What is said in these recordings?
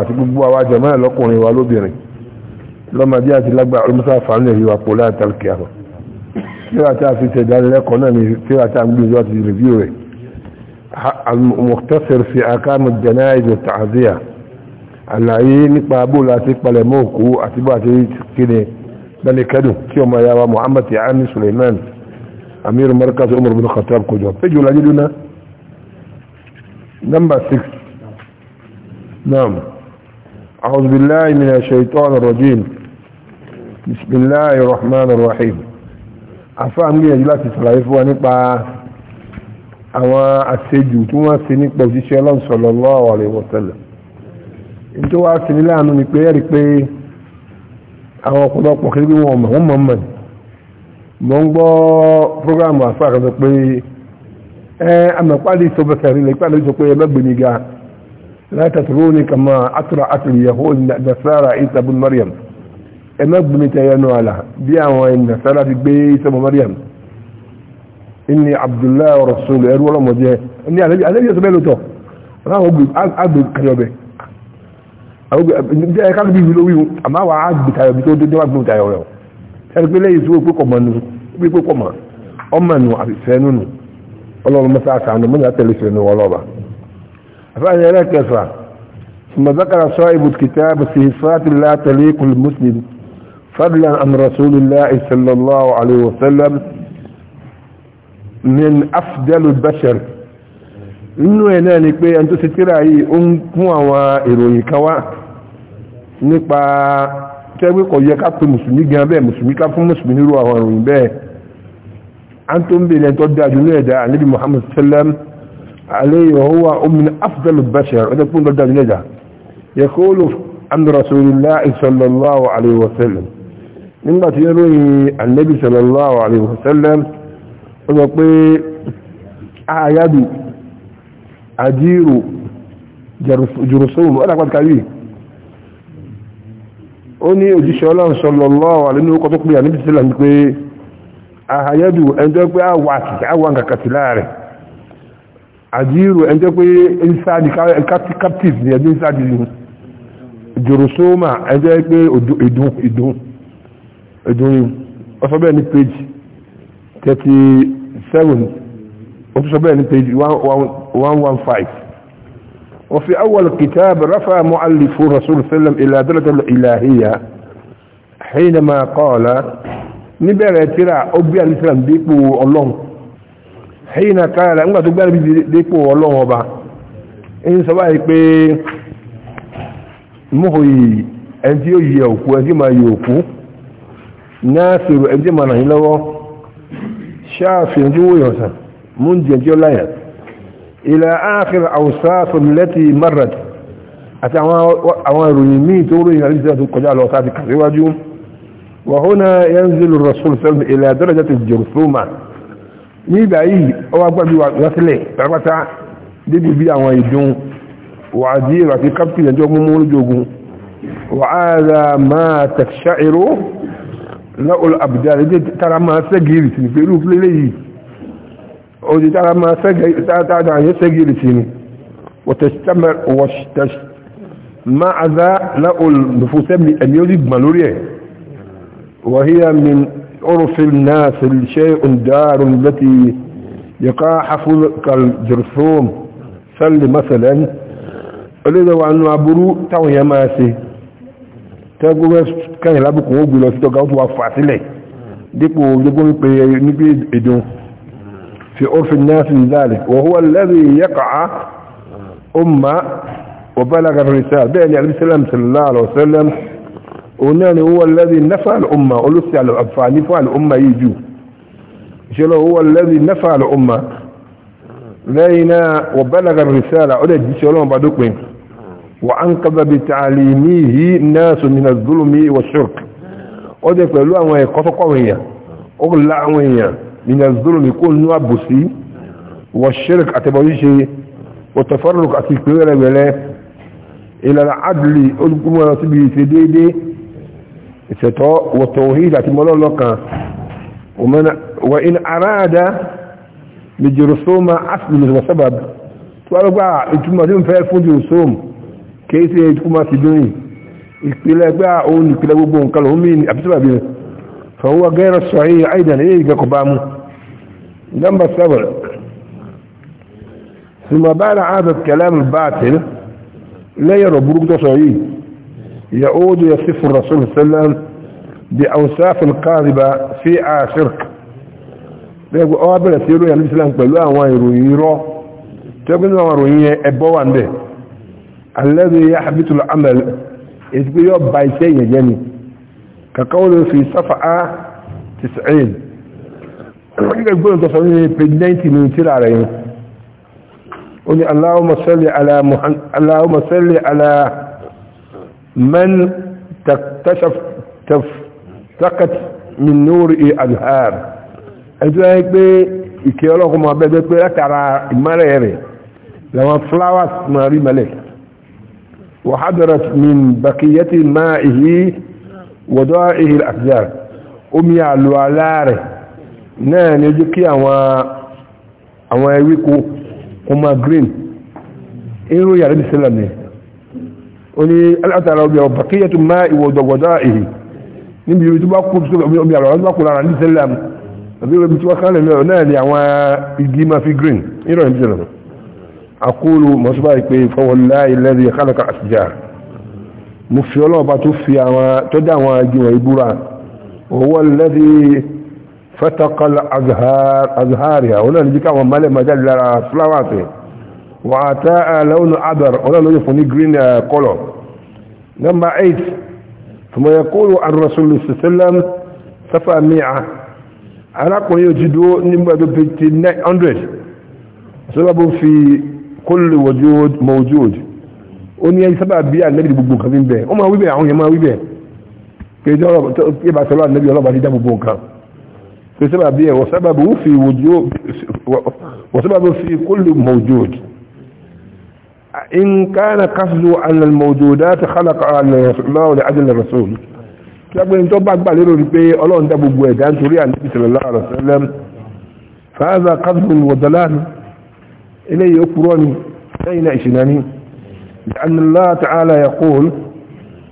àti gbogbo àwa jẹ̀mọ́ ẹ̀ lọ́kùnrin wa lóbìnrin lọ́mọdé àti lágbàá olùmọ́sá fàánù ẹ̀rí wa pò láti alùkè àrọ̀ tíra tí a fi ṣẹ̀dánilẹ́kọ̀ọ́ náà ni tíra tí a ń gbìyànjú àti rìvíw rẹ̀ al-mukhtasar fi akam al-jana'iz wa ta'ziya àlàyé nípa bóòlù àti palẹ̀mọ́ òkú àti bó àti kíni lẹ́ni kẹ́dùn tí ọmọ ya wa muhammad yaani suleiman amir markaz umar bin khattab kojú péjú lajú dúná number six naam. أعوذ بالله من الشيطان الرجيم بسم الله الرحمن الرحيم أفهم لي أجلاتي سلايف ونقع àwọn àṣejù tí wọ́n ṣe nípa òjíṣẹ́ ọlọ́run sallallahu alaihi wasallam ní tó wá sí ní láàánú ni pé ẹ̀rí pé àwọn ọ̀pọ̀lọpọ̀ kiri bí wọ́n mọ̀ wọ́n mọ̀ mọ̀ mọ̀ ń gbọ́ prógrámù àfáà kan sọ pé ẹ àmọ̀páàdé sọ bẹ̀sẹ̀ rí lẹ́pàá lójú pé ẹlẹ́gbẹ̀ẹ́ لا تتروني كما أطرأت اليهود النصارى عيسى بن مريم ẹmẹ́ gbìmìtì ẹyẹnu àlà bí àwọn ènìyàn sára fi gbé sọmọ mariam inni abdullahi wa rasul ẹrú ọlọ́mọdé ní alẹ́bí ẹ̀sọ́ bẹ́ẹ̀ lótọ́ láwọn ogun agbègbè kayọ̀bẹ̀ jẹ́ ẹ̀ka níbi ìlú wíwú àmọ́ àwọn agbègbè kayọ̀bẹ̀ tó dé wà gbìmìtì ayọ̀ rẹ̀ ẹ̀rọ pé lẹ́yìn ìṣòwò pé kọ̀mọ̀ nù pé kọ̀mọ̀ ọmọ nù àfẹ́nù nù ọlọ́run mẹ́ta àtàánù mọ́ فأنا لك يسرع ثم ذكر صاحب الكتاب صفات لا تليق المسلم فضلا عن رسول الله صلى الله عليه وسلم من أفضل البشر nínú ẹ̀ náà ni pé ẹni tó ti tíra yìí ó ń kún àwọn ìròyìn kan wá nípa tẹ́gbẹ́ kọ̀ yẹ ká tó mùsùlùmí gan bẹ́ẹ̀ mùsùlùmí ká fún mùsùlùmí nírú àwọn ìròyìn bẹ́ẹ̀ a tó ń bèèrè tó dájú ní ẹ̀dá ànábì Muhammad sallam عليه وهو من أفضل البشر هذا يكون ضد الندى يقول عن رسول الله صلى الله عليه وسلم مما تيروي النبي صلى الله عليه وسلم ويقول آيادي أدير جرسوم وأنا قد كبير ó ní òjíṣẹ́ ọlọ́run sallallahu alaihi ní ọkọ̀ tó pè àníbìsílẹ̀ ní pé àhàyẹ́dù ẹjọ́ pé àwọ̀ àkàkàtì láàrẹ̀ àjíìrò ẹjọ́ pé inside captive ni ẹjọ́ inside ìlú jòròsóòmà ẹjọ́ pé ìdún ìdún ìdún ọsọ bẹ́ẹ̀ ní page thirty seven ọsọ bẹ́ẹ̀ ní page one one five وفي أول كتاب رفع مؤلف رسول الله سلم إلى درجة الإلهية حينما قال نبرة ترى أبي الإسلام بيقو الله حين قال انغا تغبار بي ديبو الله وبا ان سبا يبي muhoyi ẹni tí ó yí òkú ẹni tí ma yí òkú náàsìrò ẹni tí ma nà yí lọ́wọ́ ṣáàfì ẹni tí wó yọ̀ sàn múndì ẹni tí ó láyà ilẹ̀ áàkìrì àwùsáàfì lẹ́tì marrat àti àwọn ìròyìn míì tó ròyìn àti ìṣẹ́ kọjá lọ sáà ti kàṣíwájú wàhóná yẹn zilu rasul sẹ́lẹ̀ ilẹ̀ adọ́rẹ̀jẹ́ ti jẹ̀rùsùmà ní ìgbà yìí ọwọ́ agbábí wá sílẹ̀ pátápátá débi bí àwọn ìdún wà dí èrò àti kápítì ẹjọ́ múmú olójogun wà á ra máa tẹ̀ṣà èrò lọ́ọ̀lọ́ àbùdá rẹ̀ tara máa sẹ́gìrì sí ni pé yìí عرف الناس شيء دار التي يقاحف كالجرثوم سل مثلا olóòdó wa nù aburú táwọn yẹn máa ṣe tẹ́gbẹ́ káyìn lábùkún ó gbìlọ sítọ́gá ó tún wá fà sílẹ̀ dípò gbogbo wípé níbi èdò fi òfin náà sí ìdáàlẹ̀ wọ̀húwà lẹ́rì yẹ́kàá ó ma ọ̀bá lágbàtà rẹ̀ sáà bẹ́ẹ̀ ni alìsílẹ̀m sàlá àlọ́sẹ́lẹ̀m onani huwa alladhi nafa al-umma olusi al-afani fún al-umma yìí jù ìṣẹ́lẹ̀ huwa alladhi nafa al-umma lẹ́yìn náà wà balaga risala ó dẹ̀ jíṣẹ́ ọlọ́run bá dópin wà án kaba bi ta'alimihi nasu min az-zulmi wa shirk ó dẹ̀ pẹ̀lú àwọn ẹ̀kọ́ fọ́kọ́ èèyàn ó la àwọn èèyàn min az-zulmi kó nú wa shirk àtẹ̀bọ̀yíṣe wa tafarruq àti ìpínlẹ̀ rẹ̀ ilẹ̀ adli ó gbọ́n síbi ìṣe déédéé ìṣẹ̀tọ́ wọ̀tọ̀wọ̀hídà ti mọ́lọ́lọ́kan wa in aráàdá lè jùrùsọ́mà asìlè wọ́sọ́bàb tó wárúgbà ìtumọ̀ tí ó fẹ́ fún jùrùsọ́m kìí sí ìtumọ̀ ti dúnrin ìpìlẹ̀ pé òun ìpìlẹ̀ gbogbo nǹkan lòun mìí àbísọ́bàbí fọwọ́ gẹ́rẹ́ sọ̀hí àìdàn ilé ìgẹ́kọ̀ sùmọ̀ bá rà kẹlẹ́mù bá tẹ̀lé lẹ́yẹ̀rọ̀ burúkú tó yìí يعود يصف الرسول صلى الله عليه وسلم بأوصاف القاذبة في عاشرك يقول أوابل سيرو يعني الإسلام قالوا أنوان يرويرو تقول أنوان يرويرو أبوان به الذي يحبط العمل يقول يوب بايسي يجني كقوله في صفحة تسعين يقول تصميم بنيتي من تلع عليهم قل اللهم صل على محمد اللهم صل على من تكتشف تفتقت من نور الأنهار ẹjọ́ ẹ pé ìkẹ́ ọlọ́kùn máa bẹ́ẹ̀ pé látara ìmọ́lẹ̀ rẹ̀ làwọn flowers máa rí mẹ́lẹ̀ وحضرت من بقية مائه وضائه الأحجار omi àlò àlá rẹ̀ náà ni ojú kí àwọn ewéko ọmọ green irú yàrá ìbísẹ́lẹ̀ ni oni al'atara obi bakiyatu ma iwo dogwada ihe níbi ibi tí wọ́n kó tó omi àrọ̀ ọdún wákò lára ní sẹ́lẹ̀m àbí ibi tí wọ́n kán lẹ́nu ọ̀rọ̀ náà ni àwọn igi máa fi green nírọ̀ níbi sẹ́lẹ̀m àkóòlù mọ̀sùbá ìpè fawallahi alladhi khalaqa àṣìjà mo fi ọlọ́wọ́ bá tó fi àwọn tọ́jú àwọn igi wọ̀nyí búra huwa alladhi fataqa azhariha àwọn náà níbi káwọn mọ́lẹ̀ máa jáde lára fúláwà وعطاء لون عبر ولا لون فني جرين كولر نمبر 8 ثم يقول عن رسول الله صلى الله عليه وسلم سفى ميعة على كل يجدو نمبر 900 سبب في كل وجود موجود oni ayi sábà bí ànábì gbogbo nǹkan fi ń bẹ ọ máa wíbẹ àwọn yẹn máa wíbẹ kejì ọ̀rọ̀ tó yẹ bá sọlọ ànábì ọlọpàá ti dá gbogbo nǹkan إن كان قصده أن الموجودات خلق على الله لأجل الرسول لكن انتو بعد بقى ربي ريبي الله انت ابو بويد انتو النبي صلى الله عليه وسلم فهذا قصد وضلال إليه يكفروني أين إشناني لأن الله تعالى يقول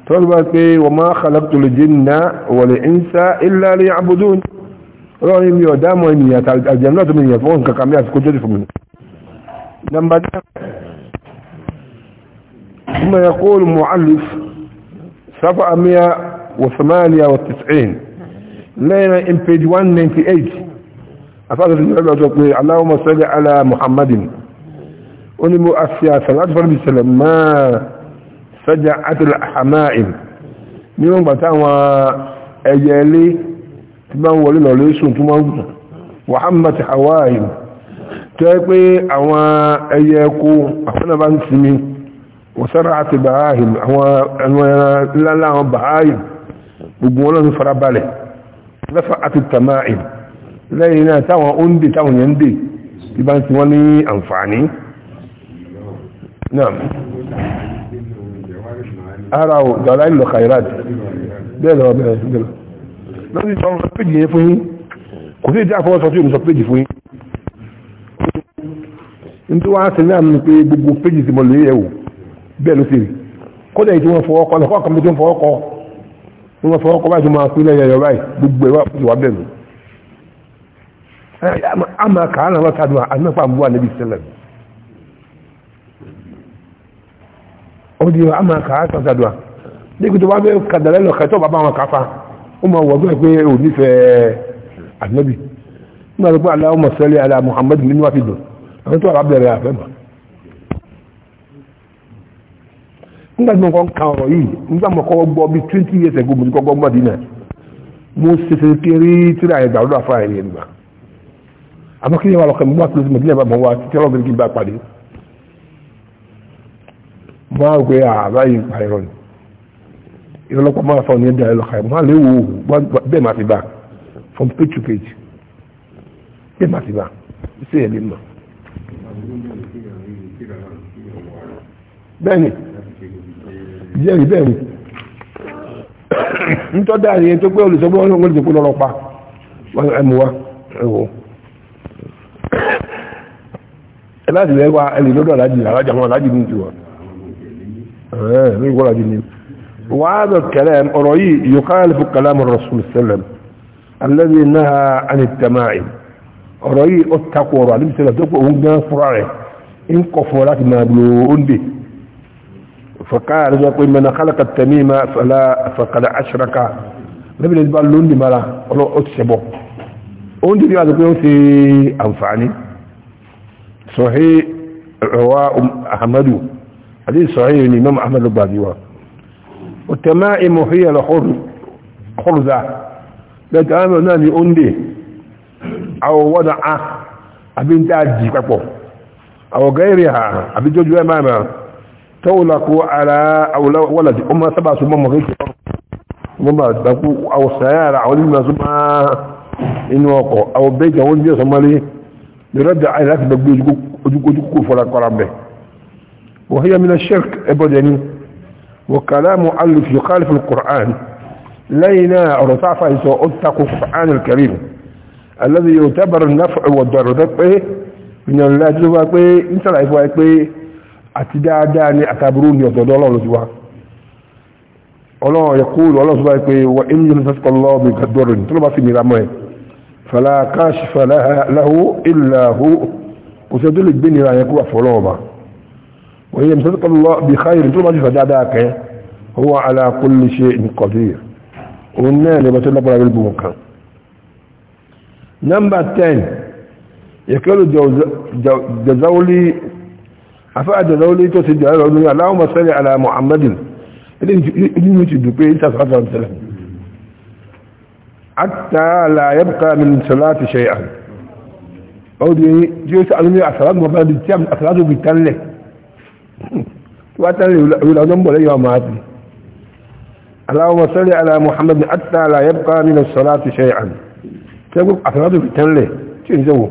طلبت وما خلقت الجن والإنس إلا ليعبدون رأيهم يدام وإنيات الجنة من يفون ككاميات كنت تفهمون نمبر ثم يقول المؤلف سبعة مئة وثمانية وتسعين لين ان بيج 198 افضل النبي تقول اللهم صل على محمد وني مؤسسة صلاة النبي صلى ما سجعت الحمائم نيون بتاوا ايلي تبان ولي لو ليسون تمام وحمت حوائم تقول اوان ايكو افنا بان وسرعت بهائم لا لا بهائم بقولن فربله نفعت التمائم لينا تاو اندي تاو يندي يبان توني انفعني نعم أروا دلائل الخيرات دلوا دلوا لازم تقول بيجي فين كنت تعرف وصلت يوم بيجي فين انتوا عارفين ان بيجي في مليه bẹ́ẹ̀ ló ti rí kódà èyí tí wọ́n fọwọ́ kọ́ lọ́kọ́ kan bí tí wọ́n fọwọ́ kọ́ tí wọ́n fọwọ́ kọ́ báyìí tó máa pín lẹ́yìn ẹ̀yọ báyìí gbogbo ẹ̀wà fún ìwà bẹ́ẹ̀ lọ. àmà kàánà lọ tàbí ànápà ń bú ànábì sẹlẹ̀ ọdí àmà kàánà tàbí nígbà tó bá fẹ́ kàdàlẹ́ lọ kẹtọ́ bàbá wọn káfa ó máa wọ̀ bẹ́ẹ̀ pé ò nífẹ̀ẹ́ ànábì nígbà tó pé aláwọ̀ mọ̀sẹ́lẹ̀ alá Muhammad nínú wàá fi dùn àwọn tó àbá bẹ̀rẹ̀ àfẹ́ mọ́ nígbà tí mo kọ́ ń ka ọ̀rọ̀ yìí nígbà mo kọ́ gbọ́ bí twenty years ago mo ti kọ́ gbọ́ Mọdínà mo ṣẹ̀ṣẹ̀ kéré tíra ẹ̀ dàrú àfa ẹ̀ yẹn gbà àmọ́ kí ni wàá lọ́kàn mi wá tó Mọdínà bá mọ̀ wá títí ọlọ́run kí n bá pàdé mo á gbé àbá yìí pa ẹ̀rọ ni ìrọlọ́pàá máa fa ònìyàn dàrú lọ́kàn mo á lè wò ó bẹ́ẹ̀ máa ti bá from page to page bẹ́ẹ̀ máa ti bá ṣé ẹ̀ lè mọ̀ bẹ́ẹ̀ ni. jẹ́rìí bẹ́ẹ̀ ni tó pé olùsọ́gbọ́n wọn lè dìpọ̀ lọ́rọ̀ pa wa ẹwọ ẹ láti lọ́dọ̀ alájì alájà wọn alájì ní ìjùwọ̀ ẹ̀ẹ́ lórí wọ́n فقال يقول من خلق التميمة فلا فقد أشرك نبي نجبال لون دي مالا ولو أتسبو اون دي قال يقول في أنفعني صحيح رواء أحمد هذه صحيح الإمام أحمد الباديوة والتمائم هي الحر خرزة لا تعمل ناني اون دي أو وضع أبين تاجي كفو أو غيرها أبين تجوى ماما تولق على أو ولد أما سبع سبع مغيث أما تقول أو سيارة أو لما سبع إن وقع أو بيت أو بيت سمالي يرد على ذلك بقول جوكو فلا وهي من الشرك أبدا وكلام مؤلف يخالف القرآن لينا رتعفى أتق القرآن الكريم الذي يعتبر النفع والضر من الله جل وعلا إنسان عفوا àti dáadáa ní àtàbúrú ní ọ̀dọ̀dọ̀ ọlọ́run ti wá ọlọ́run yẹkú ọlọ́run ti wá pé wọ́n ń yẹn sọ́kọ̀ lọ́wọ́ mi gbọ́dọ̀ ní tó ló bá sì mìíràn mọ́ ẹ̀ fàlà káàṣì fàlà láhó ìlàhó kò sí ọdún lè gbé nira yẹn kó wà fọlọ́ ọba wọ́n yẹn sọ́kọ̀ lọ́wọ́ bí káyìrì tó afáàjọ lọ́wọ́ lórí tó ti jẹ́ ọ̀rọ̀ lórí aláwọ̀mọ̀ sẹ́lẹ̀ ala muhammadin ilé ìlú ti dùn pé ìta sọ́tọ̀ ọ̀sẹ̀lẹ̀ hatta la yabqa min salati shay'an ó di tí ó sàánú ní àsàlátù bàbá di tí àsàlátù fi tánlẹ̀ tí wá tánlẹ̀ ìwúlà ọjọ́ ń bọ̀ lẹ́yìn ọmọ àti aláwọ̀mọ̀ sẹ́lẹ̀ ala muhammadin hatta la yabqa min salati shay'an tí ó sàánú àsàlátù fi tánlẹ̀ tí ó ń sẹ́wọ̀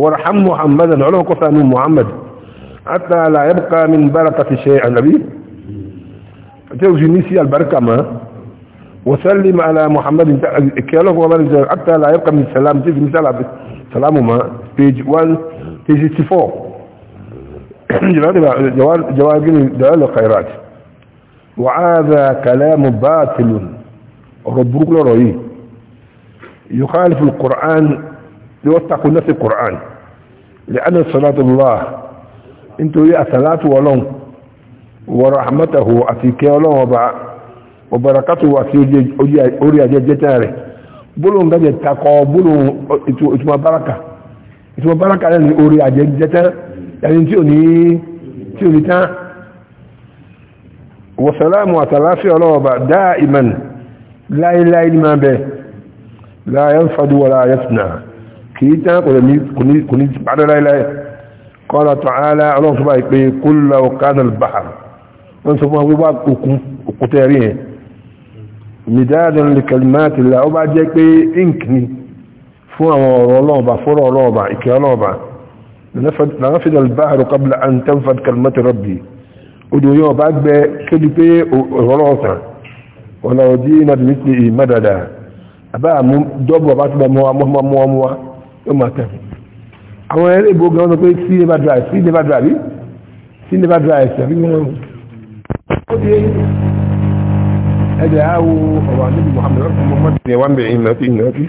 wọ̀rọ̀ ham muhammadan ọlọ́run kọ́sà ní muhammad حتى لا يبقى من بركة شيء النبي توجنيسي البركة ما وسلم على محمد كيلوف ومن حتى لا يبقى من السلام تيجي مثال سلام ما page 164 جواب جواب دعاء الخيرات وهذا كلام باطل ربك لرؤي يخالف القرآن لوثق نفس القرآن لأن صلاة الله nítorí àsàlátù ọlọ́run wọ̀rọ̀hàmọ́tàhù àti ìkẹ́ ọlọ́run ọba ọ̀bàràkátù àti orí ajẹ́jẹ́tẹ́ rẹ̀ bólóhùn gájẹ̀ takọ bólóhùn ìtumọ̀ báraka ìtumọ̀ báraka rẹ̀ ní orí ajẹ́jẹ́tẹ́ ẹni tí ò ní tán wọ̀sàlámù àtàláfí ọlọ́run ọba dáa ìmàn láíláí ní máa bẹ láyé ń fadúwọ́lá ayẹ́sùnà kì í tán kò ní padà láíláí قال تعالى الله سبحانه قل لو كان البحر من سبحانه باب قتاريه مدادا لكلمات الله وبعد جاك انكني فوا ورولوبا فرولوبا اكيولوبا لنفد البحر قبل ان تنفد كلمة ربي ودو يو بعد كلمة ورولوسا ولو دينا بمثله مددا أبا دوب وبعد موا موا موا موا يوم تفيد àwọn ẹrẹ́ ìbò gan ọ́nà pé sí never drive sí never drive sí never drive sí àbígbọ́n wọn ó di ẹ̀dẹ̀ àwọ ọ̀rọ̀ àdébì Muhammad ọ̀rọ̀ mọ́ mọ́tì ẹ̀wà ń bẹ̀ ìnà sí ìnà sí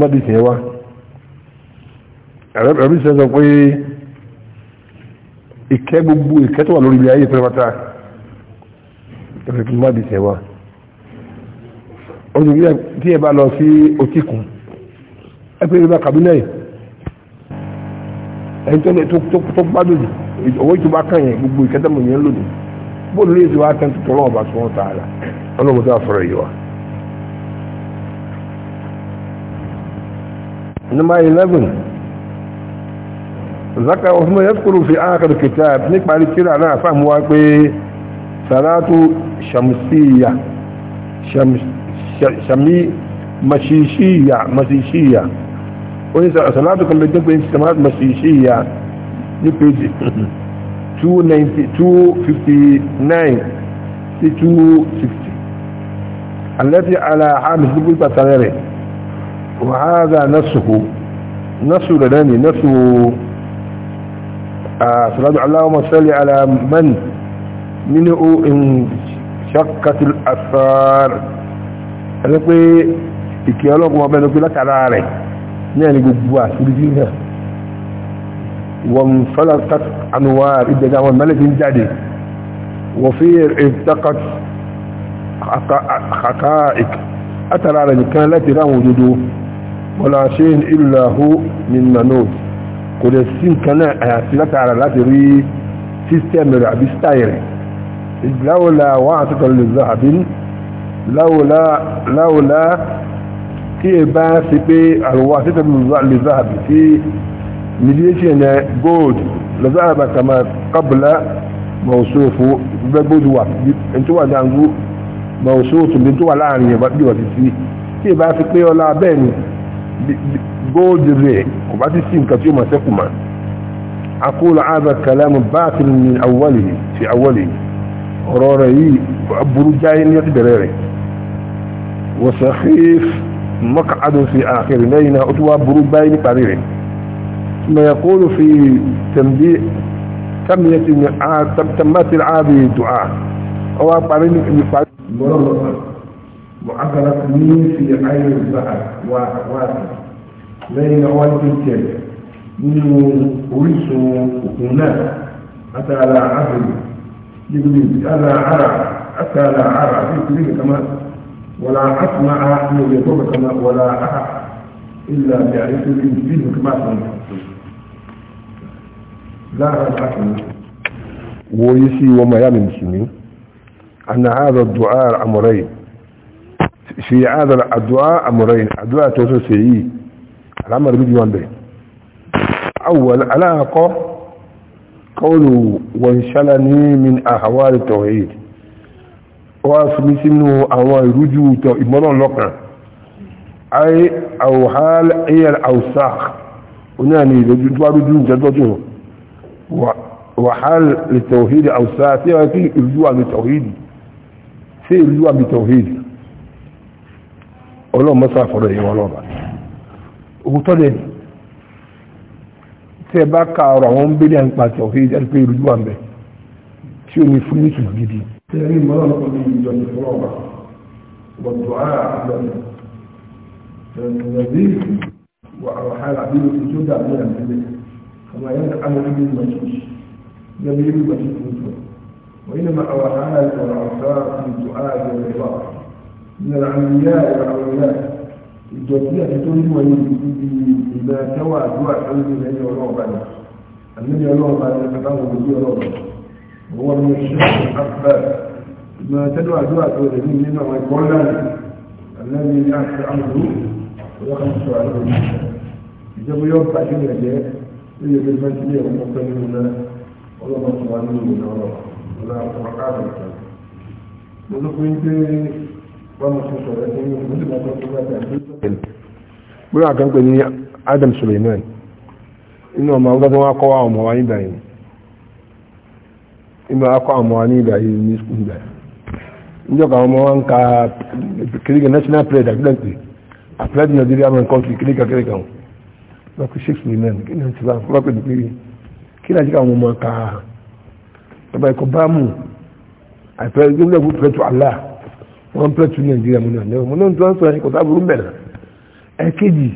mọ́tì sí ẹ̀wà ẹ̀rọ ìṣẹ́ sọ pé ìkẹ́ gbogbo ìkẹ́ tó wà lórí ilẹ̀ ayé pẹ́rẹ́pátá ẹ̀rọ mọ́tì sí ẹ̀wà ó ti rí ẹ bá lọ sí otíkun ẹ pé ìrẹ́bà kàbínẹ̀ yìí ẹni tó gbádùn jù owó ìtura kan yẹn gbogbo ìkẹtẹmọ yẹn lòdì bóòlù lè ti wá tẹ́ tó tọ́lọ́ ọba sọ́wọ́n tá a la ọlọ́run tó àfọ̀rọ̀ yìí wa. number eleven zaka osman yẹ́sùkúrú fi ákàdù kìtà nípa ìkírà náà fáàmù wa pé sàlátù shamsiya shami mashishiya mashishiya salatu kan lè jẹ́ pé samadu masishiya ní page 259 sí 260 التي على عام الزبوي بطريري وهذا نفسه نفسه لداني نفسه صلاة اللهم صل على من منه إن شقت الأثار أنا أقول إكيالوك وما بينك لك على عليه ní ẹni gbogbo àṣírí sí náà wọ́n fọ́lá ànúwà ìdẹ̀dẹ̀ àwọn mẹ́lẹ̀ tí ń jáde wọ́n fi ìtàkàt àkàkàík átàrà rẹ̀ nìkan láti ráwọn òdodo wọ́n la ṣe ń ìlàhó ní manod kò dẹ̀ sí nǹkan náà àyàfi látara láti tí ẹ bá ṣe pé àrùwá títẹ̀ lùzáàbì tí mediation ẹ̀ gold lùzáàbì kàmà kábùlá mọ̀ọ́sọ́fù bẹ́ẹ̀ gold wà ní tó wà dáńgú mọ̀ọ́sọ́fù ní tó wà láàrin ẹ̀ bí wà ti sí tí ẹ bá ṣe pé ọlá bẹ́ẹ̀ ni gold rẹ̀ kò bá ti sí nǹkan tí ó máa ṣẹ́kù mọ́ أقول هذا كلام باطل من أوله في أوله أروري أبرو جاين يقدر وسخيف مقعد في آخر لينا أتوى بروب بين قرير ثم يقول في تنبيه تمية تمت العابي دعاء هو قرير معقلة مين في عين البحر واحد لين أول تلتين من أريس هناك أتى على عهد يقول أنا عرى أتى على عرى في كلمة كمان ولا أسمع أن يضر كما ولا أحد إلا بعثر فيه كما سمعت لا أسمع ويسي وما يامي المسلمين أن هذا الدعاء أمرين في هذا الدعاء أمرين الدعاء توسعي الأمر بجوان به أول علاقة قوله وانشلني من أحوال التوحيد wọ́n fi mí sínú àwọn ìrújú ìtọ̀ ìmọ́nà lọ́kàn ayé àwòhál ayé àwòsáàk oníyà ni ìlójú tó bá rújú ìjọjọ́ tó wàhál lè tọ̀hídì àwòsáà tí wọ́n fi ìlú àmì tọ̀hídì sí ìlú àmì tọ̀hídì ọlọ́run mọ́sá fọ́rọ̀ èyí wọn òkútọ́ lè tí bá ka ọ̀rọ̀ àwọn ń bẹ́lẹ̀ ń àti pé ìlú àmì tí ó ní fúlùtù gidi تاني مرة نقول لي جنة الفراغ والدعاء على النبي وعلى حال عبيد الجودة عليها النبي كما يدعى نبي المجيش نبي المجيش وإنما أوحال والعرفات الدعاء والعبارة من العلياء والعلياء الجودية تقول هو إذا سوى دعاء حلم النبي ولوه بعد النبي ولوه بعد الكلام وبدو ولوه هو المشروع الحباب ما تدعو دعاء الذين مما يقولان الذي يعفو عنه ويخمس عليه يجب يوم تعشين رجاء ويجب المنزلية لنا والله سبحانه وتعالى ولا أطرق هذا الكلام ونقول أنت ومخصوص ولكن مثل ما تقول بلا كان adam suleiman inú ọmọ ọgbọ́n tó wá kọ́ wa ọmọ wa nígbà yìí Ime akọ àmọ́ wa ní ìgbà yìí ní sukùn ìgbà yìí níjọba àwọn ọmọ wa ń ka kìlíkà national prayer àgbélẹ̀ pé àpẹẹrẹ nàìjíríà máa ń kọ́ńtì kìlíkà kìlíkà wọn lọ́kù six million kí ni ti bá wọn lọ́kù ìdìpé kí ni àjíkà àwọn ọmọ ka ni ẹ̀kọ́ báàmù àpẹẹrẹ gbẹ́gbẹ́ fún pẹ̀lú àlá wọn pẹ̀lú tu nàìjíríà mú nàìjíríà mú náà tó ń sọ ẹ̀ kò sábà rúmbẹ̀ náà ẹ̀kejì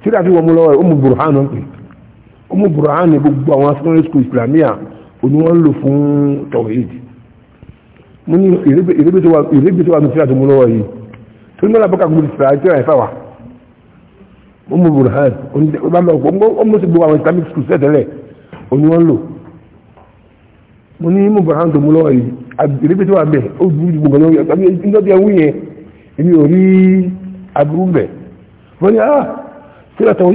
tí ọmọ burhan ni gbogbo àwọn secondary school islamia òní wọ́n lò fún tawhid mo ní ìrégbèsè wa nùsílà tó mú yìí tó ní mọ́lá bọ́kà gbogbo ìsìlá tí wọ́n ẹ̀fà wa ọmọ burhan ọmọ sí gbogbo àwọn islamic school sẹ́tẹ̀lẹ̀ òní wọ́n lò mo ní mú burhan tó mú lọ́wọ́ yìí ìrégbèsè wa bẹ̀ ó gbogbo ìgbòho yẹn tàbí ìjọba ẹ̀wù yẹn èmi ò rí aburú bẹ̀ wọ́n ní ah sílẹ̀ tàwọn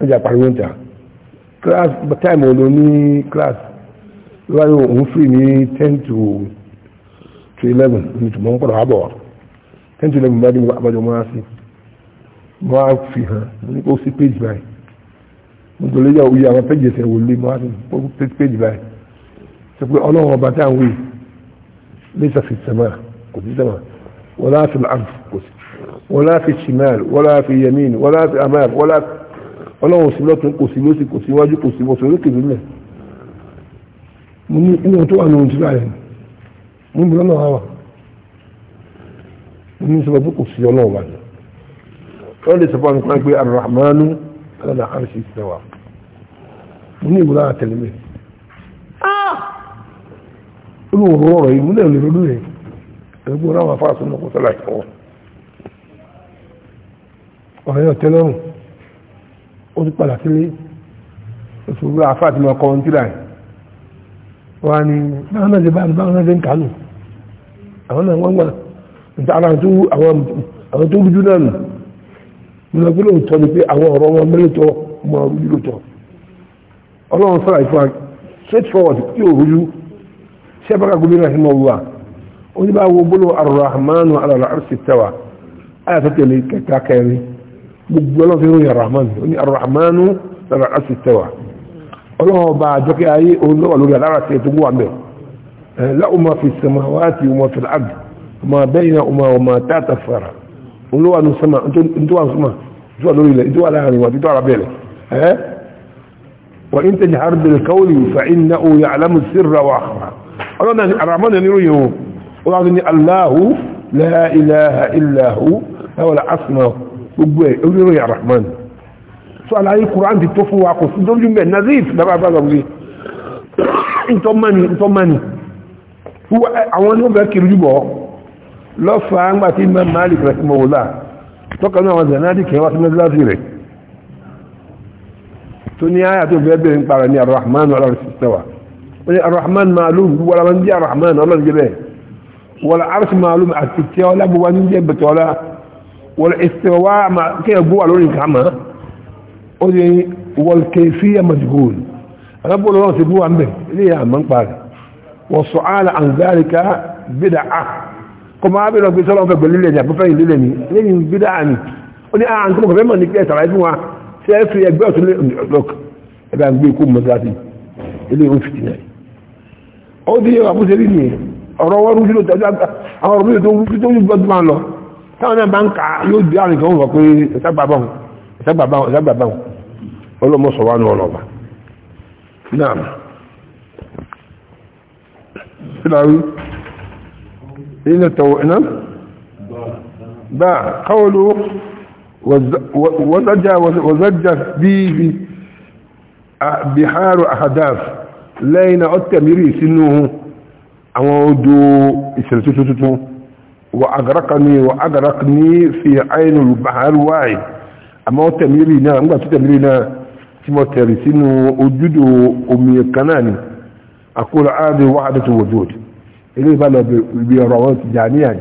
ẹjà pariwo níta class time olo ní class lọ́wọ́ yóò òun free ní ten to to eleven ní tùmọ̀ ń pọ̀lọ̀ àbọ̀ ten to eleven bá dé abájọ mọ́ra sí mọ́ á fi hàn mo ní kó sí page báyìí mo tó léyà òye àwọn page ẹsẹ̀ wò lé mọ́ á sí page báyìí sọ pé ọlọ́run ọba tá à ń wí lẹ́sà fi sẹ́mà kò sí sẹ́mà wọ́n á fi lọ́ọ̀f kò sí wọ́n á fi wọ́n á fi wọ́n á fi wọ́n á ọlọ́run sí lọ́tún kò sí lọ́sí kò sí kò sí lókè nílẹ̀ mo ní inú tó wà ní ohun tí ra rẹ̀ bí lọ́nà mo ní kò sí ọlọ́run wọ́n lè nípa pé alága arṣi ti wa mo ní ìwúrọ̀ ah! yìí lè ẹgbẹ́ àwọn kò sọ́lá ọ̀rẹ́ ó ti padà sílé òṣùwò àfáà ti mọ ọkọ ohun tíra ẹ̀ wọ́n á ní báwọn náà ṣe báyìí báwọn náà ṣe ń kánú àwọn náà wọ́n wọ́n níta ara tó àwọn tó rújú náà nù mo lọ pé lóòótọ́ ni pé àwọn ọ̀rọ̀ wọn mẹ́lẹ́tọ́ mọ rújú مجبلا فيه يا الرحمن وإني الرحمن سبع أس التوى الله بعدك آيه أولو قالوا لها لا تقوى عمي لا أما في السماوات وما في العرض ما بين أما وما تاتفر أولو أنو سماء أنتوا أنو سماء أنتوا أنو إلا أنتوا أنو أنو أنتوا أنو أنو وإن تجهر بالكول فإنه يعلم السر وأخرى الله أنه الرحمن يريه الله لا إله إلا هو هو العصمه gbogbo ẹ̀ olórí arahman so aláyé Qur'an ti tó fún wa kò sí dójú mẹ́ nazif lábá bá gbogbo ìtọ́mọ́ni ìtọ́mọ́ni àwọn ní wọ́n bẹ̀rẹ̀ kiri jùbọ̀ lọ́fàá ń gbà tí imam malik rẹ̀ mọ̀ wòlá tọ́ka ní àwọn zanadi kẹwàá sí mẹ́sílásì rẹ̀ tó ní àyà tó bẹ̀rẹ̀ bẹ̀rẹ̀ ń para ní arahman ọlọ́rẹ̀ sísẹ́wà ó ní arahman maalum wọ́n máa ń jẹ́ arahman ọlọ́rẹ̀ wọ́n arahman maalum àti tẹ́ọ́lá والاستواء ما كيف بوا لون كما والكيفية مجهول رب الله سبوا عنه ليه من قال والسؤال عن ذلك بدعة كما أبي ربي صلى الله عليه وسلم ليه بفاي ليه ليه بدعة ني وني آه أنتم كفاما نكيه ترعيبوا سيفي يكبعوا لك إذا أنبيكم مزاتي اللي هم فتنائي أودي أبو سبيني أروا رجل تجاب أروا رجل تجاب أروا رجل تجاب táwọn náà bá ń ka yóò di àrùn kan wọ̀ pé ìsagbàbáwọn ìsagbàbáwọn ìsagbàbáwọn ọlọ́mọsọ̀wá ní ọlọ́ba náà síláwí ilẹ̀ tọ̀wọ̀ iná bá káwọlú wọ́zájá bí i biharu ahadas lẹ́yìn náà ọ̀tẹ̀mírì sínú àwọn odò ìṣẹ̀lẹ̀ tuntun tuntun وأغرقني وأغرقني في عين البحر واحد أما تميرينا أما تميرينا تمو ترسين وجود أمي الكناني أقول هذه وحدة وجود إلي بلا بيروات جانيان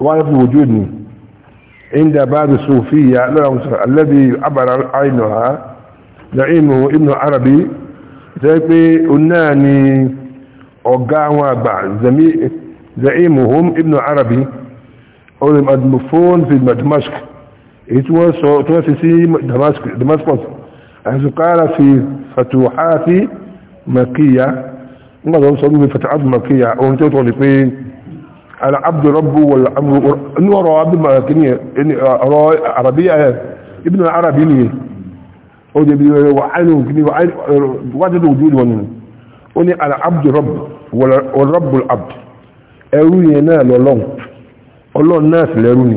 وحدة وجودني عند بعض الصوفية الذي عبر عينها نعيمه ابن عربي زي بي أناني أقاوى بعض زميل زعيمهم ابن عربي أولم المدفون في دمشق إيه توسسي دمشق دمشق حيث قال في فتوحات مكية نظر صدوق فتحات مكية وانتوا طالبين على عبد ربه ولا عبد انه رأى عبد المكينية عربية ابن العربي ليه ودي بيقولوا وعلوا كني وعلوا وجدوا وجود وني وني على عبد رب والرب العبد ẹrú yẹn náà lọ́lọ́run ọlọ́run náà sì lẹ́rú ni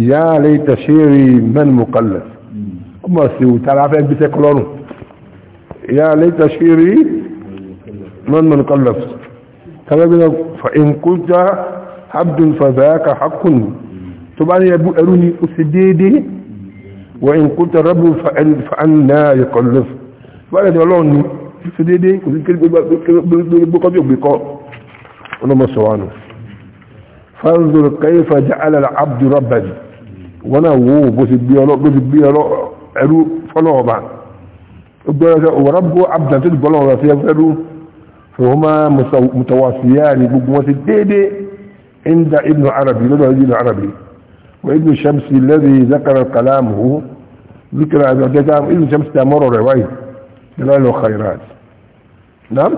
ìyá rẹ̀ tẹ̀sírí mẹ́nu mọ̀kànlẹ̀ ó mọ̀ sí òtara fẹ́ bí sẹ́kọlọ́rùn ìyá rẹ̀ tẹ̀sírí mẹ́nu mọ̀kànlẹ̀ tẹ́lẹ́gbẹ́ fa ìkúta abdul fazaka hakun tó bá ní ẹrú ni ó sì déédéé wọ́n ìkúta rabu fa'an náà yẹkọlẹ̀ wọ́n rẹ̀ ọlọ́run ni ó sì déédéé kò sí kéré gbogbo فانظر كيف جعل العبد ربه وانا وو بو سي بيو لو ورب عبد تقبلوا في فهما متواصيان بقوه ديدي عند ابن عربي لو ابن عربي وابن شمس الذي ذكر كلامه ذكر ابن شمس تمر الروايه لا خيرات نعم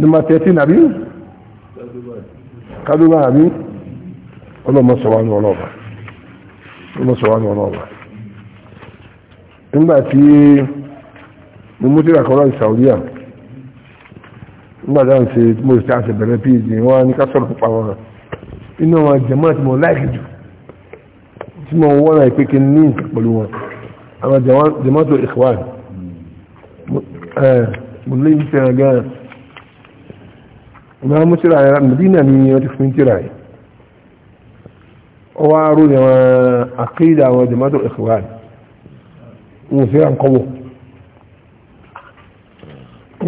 number thirteen àbí kádùbà àbí ọlọ́mọ sọ̀rọ̀ àwọn ọlọ́ọ̀bà ọlọ́mọ sọ̀rọ̀ àwọn ọlọ́ọ̀bà nígbà tí mo mú tíra kọ́lá ìsàwùdíà nígbà tí a ń ṣe mo ṣe àṣẹ bẹ̀rẹ̀ phd wọn á ní ká sọ̀rọ̀ púpà wọn inú àwọn jẹ̀mọ́ àti mọ̀ láìkì jù tí mo wọ́n náà pé kí n ní pẹ̀lú wọn àwọn jẹ̀mọ́ tó ìkọ̀wá mo lè eh, ń ìmọ̀ mú tíra ẹ̀ Madina ni wọ́n ti fún tíra ẹ̀ ọ wá rú ni wọn àkéèdè àwọn jamaatu ikhwan wọn fi hàn kọ́wọ́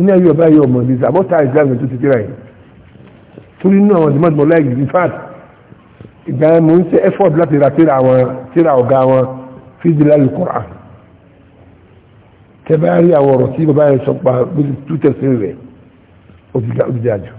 ní ayé ọba ayé ọmọ ìdíje àbọ̀tá Islam tó ti tíra ẹ̀ torí inú àwọn jamaatu mọ̀ láì in fact ìgbà yẹn mo ń ṣe effort láti ra tíra àwọn tíra ọ̀gá fi dìlá Qur'an tẹ bá rí àwọn ọ̀rọ̀ tí bàbá yẹn sọ pa bí tútẹ̀ sí rẹ̀ ti dájú.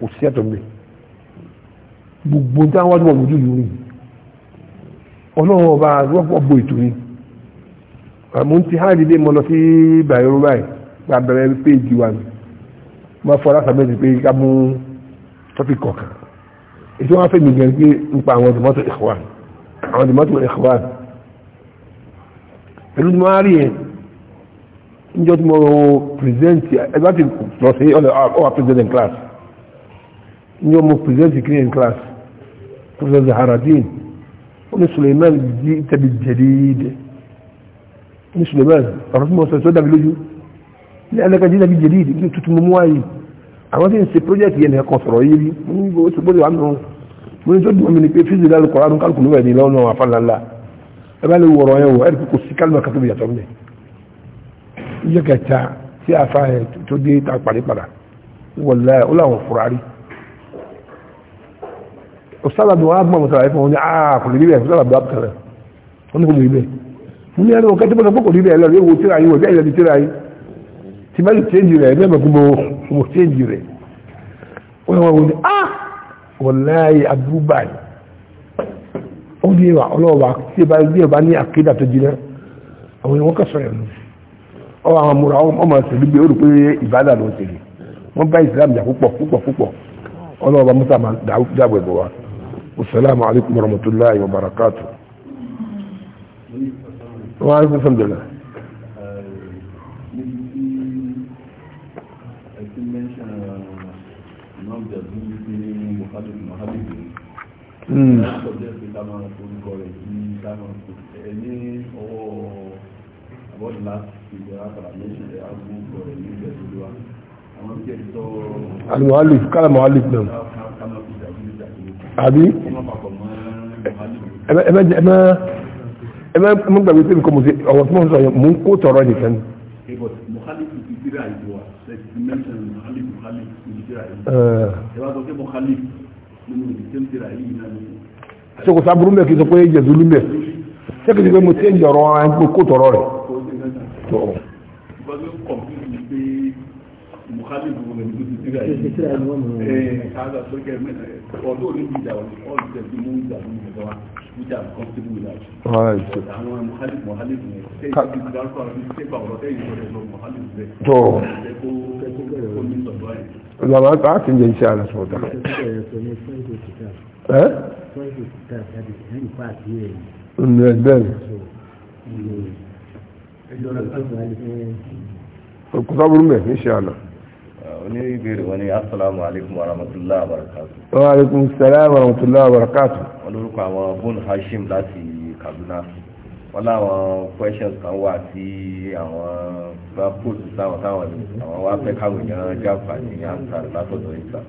kò sí ẹ̀tọ́ gbé gbogbo tí wọ́n wájú ọ̀gbọ̀n yìí rí ọlọ́run ọba rọ́pọ̀ ètò ni àmú ti há ìdílé mọ́ lọ sí bàyọ̀rọ̀ báyìí gba bẹ̀rẹ̀ péjì wa ni wọ́n fọ́ aláṣàbẹ̀sì pé ká mú tọ́pì kọ̀ọ̀kan ètò wọn fẹ́ mi gẹ̀rẹ́ pé ń pa àwọn tòmátò ìkọ̀wà àwọn tòmátò ìkọ̀wà pẹ̀lú tí wọ́n á rí yẹn níjọ́ tí mo rọ pírẹsidẹ́ntì ẹgbẹ́ ti lọ sí ọ̀wà pírẹsidẹ́ntì class ní ọmọ president green class professor zaharadin oní suleiman jí tẹbi jẹdíde oní suleiman ọ̀rọ̀ tí mo sọ tó dàbí lójú ní alẹ́ka jí tẹbi jẹdíde ní tuntun mú wáyé àwọn tí ń ṣe project yẹn nìkan sọ̀rọ̀ yìí rí mo ní gbogbo ìṣòbó wà nù mo ní tó dùn mí ni pé fíìsì dálù kọ́ra nù kálukú níwẹ̀ ní lọ́nà àfàlàlà ẹ bá lè wọ̀rọ̀ yẹn wò ẹ̀rí kò sí kálùmọ̀ kátó bí yàtọ̀ mẹ́ ìjọ kẹta tí àfa yẹn tó dé ta pàdé padà wọ̀lá ó láwọn fura rí ọ̀sára àdùnwá àgbọ̀n mọ̀tàrà ẹ̀fọ́ wọn ni àà kò lè rí bẹ́ẹ̀ ọ̀sára àdùnwá àbùtàrà wọn ni kò lè rí bẹ́ẹ̀ mo ní ẹni wọn kẹ́tẹ́ bọ́tà kókò rí bẹ́ẹ̀ lọ́rọ̀ ewu tíra yín wọ̀ bí ẹ̀yẹ́dì tíra yín tí bá yìí tẹ́jì rẹ̀ ẹ̀mẹ́ mẹ́kún mo tẹ́jì rẹ̀ wọ́n wọ́n wọ́n ni a wọ̀láyé àdúgbà yìí ó ní ìwà ah, ọlọ́wà tí ẹ àwọn èèyàn kẹsàn yẹn nù àwọn amúra ọmọ ìṣèlú gbé orò pé ìbádà ló ń bá ìsìlámù púpọ̀ púpọ̀ púpọ̀ ọlọ́wà musa dáàbò ẹ̀bọ̀ wa. والسلام عليكم ورحمة الله وبركاته وعليكم الحمد لله المؤلف كلام مؤلف نعم àbí ẹmẹ mú gbàgbé pé nǹkan ọ̀rọ̀ tí mo ń sọ yẹn mò ń kó tọrọ nìkan ni. sọkò sábúrú mẹ kí n sọ pé jẹzulú mẹ sẹkì ni pé mo ti ń jọrọ ẹ mo kó tọrọ rẹ. Mùkálí ìgbòho ni mo ti ti ra yìí. Eh, ẹ ẹ ká lọ sókè mẹ́ta yẹn although they do that, all the demons that we have which are comfortable with us. Right. Àwọn Mùhálì Mùhálì ni ṣe ìdárúkọ àti ṣépà ọ̀rọ̀ tẹ́yìn ìṣọ̀rẹ́ lọ Mùhálì bẹ́ẹ̀. Tó. Ìlànà àti ìjẹ iṣẹ́ àlẹ́ sọ̀rọ̀ tà. Ẹ́. Ǹjẹ́ bẹ́ẹ̀. Òkúta burú mẹ́ ní ṣe àná oníbèrè wọn ni assalamu alaikum warahmatullahi wabarakatuh. wa alaikum salam warahmatullahi wabarakatuh. wọn lórúkọ àwọn bone hashim láti kaduna wọn láwọn questions kan wà tí àwọn bá post sáwọn táwọn àwọn wá fẹ́ káwọn èèyàn jáfa ní ansar látọ̀dọ̀ ìta